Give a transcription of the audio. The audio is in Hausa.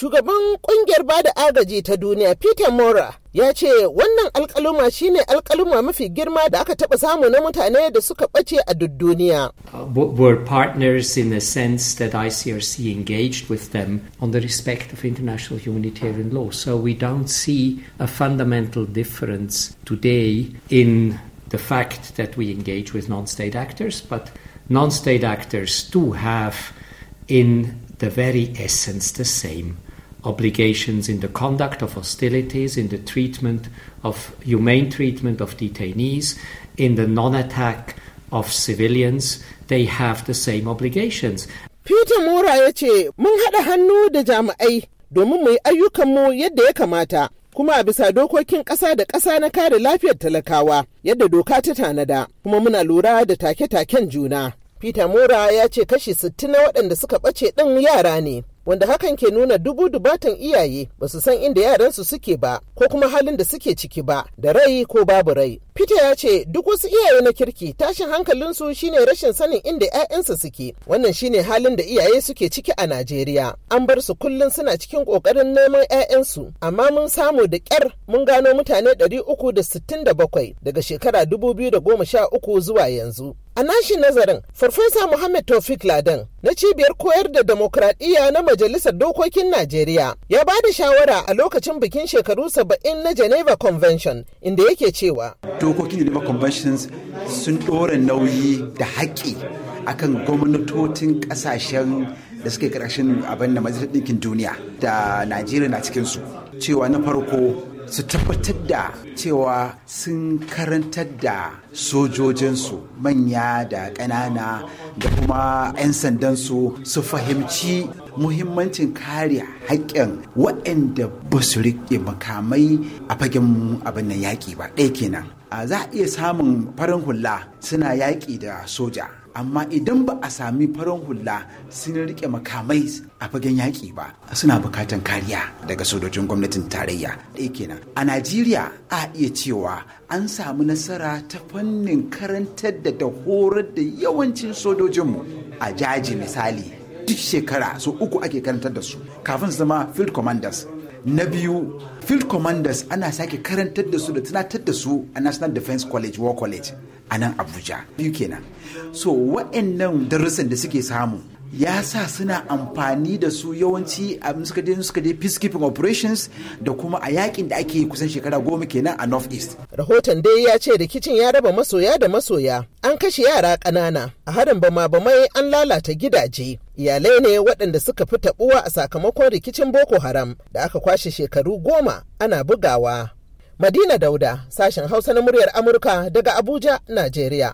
Shugaban kungiyar agaji ta duniya Peter Mora ya ce wannan alkaluma shine alkaluma mafi girma da aka taba samu na mutane da suka bace a duniya. We're partners in the sense that ICRC engaged with them on the respect of international humanitarian law. So we don't see a fundamental difference today in the fact that we engage with non-state actors, but non-state actors do have in the very essence the same obligations in the conduct of hostilities, in the treatment of humane treatment of detainees, in the non attack of civilians, they have the same obligations. Peter Mora ya ce, Mun haɗa hannu da jami'ai domin mu yi ayyukanmu yadda ya kamata, kuma a bisa dokokin ƙasa da ƙasa na kare lafiyar talakawa yadda doka ta tanada, kuma muna lura da take-taken juna. Peter Mora ya ce kashi 60 na waɗanda suka ɓace ɗin yara ne, wanda hakan ke nuna dubu dubatan iyaye ba su san inda yaransu suke ba ko kuma halin da suke ciki ba da rai ko babu rai Fita ya ce duk wasu iyaye na kirki tashin hankalinsu shine rashin sanin inda 'ya'yansa suke wannan shine halin da iyaye suke ciki a najeriya an bar su kullum suna cikin kokarin neman 'ya'yansu amma mun samu da ƙyar mun gano mutane ɗari uku da da sittin bakwai daga shekara dubu biyu da goma sha uku zuwa yanzu A nashi nazarin, Farfesa Muhammad Taufik Ladan na cibiyar koyar da demokradiyya na Majalisar Dokokin Najeriya ya ba da shawara a lokacin bikin shekaru saba'in na Geneva Convention inda yake cewa. Dokokin Geneva Conventions sun ɗora nauyi da haƙƙi akan gwamnatocin kasashen da suke karkashin abin da majalisar ɗinkin duniya da najeriya na cikinsu cewa na farko su tabbatar da cewa sun karantar da sojojinsu manya da ƙanana da kuma 'yan sandansu su fahimci muhimmancin kare haƙƙin waɗanda ba su riƙe makamai a fagen abin nan yaƙi ba ɗaya kenan za a iya samun farin hula suna yaƙi da soja amma idan ba a sami farin hula sun rike makamai a fagen yaƙi ba suna bukatan kariya daga sojojin gwamnatin tarayya ɗaya kenan a najeriya a iya cewa an samu nasara ta fannin karantar da da horar da yawancin sojojinmu a jaji misali duk shekara su uku ake karantar da su kafin su zama field commanders na biyu field commanders ana sake karantar da su da tunatar da su a national defense college war college a nan abuja biyu kenan so wa'annan darussan da suke samu ya sa suna amfani da su yawanci a suka suka je peacekeeping operations da kuma a yakin da ake kusan shekara goma kenan a north east rahoton dai ya ce rikicin ya raba masoya da masoya an kashe yara ƙanana a harin bama bamai an lalata gidaje iyalai ne waɗanda suka fi taɓuwa a sakamakon rikicin boko haram da aka kwashe shekaru goma ana bugawa madina dauda sashen hausa na muryar amurka daga abuja najeriya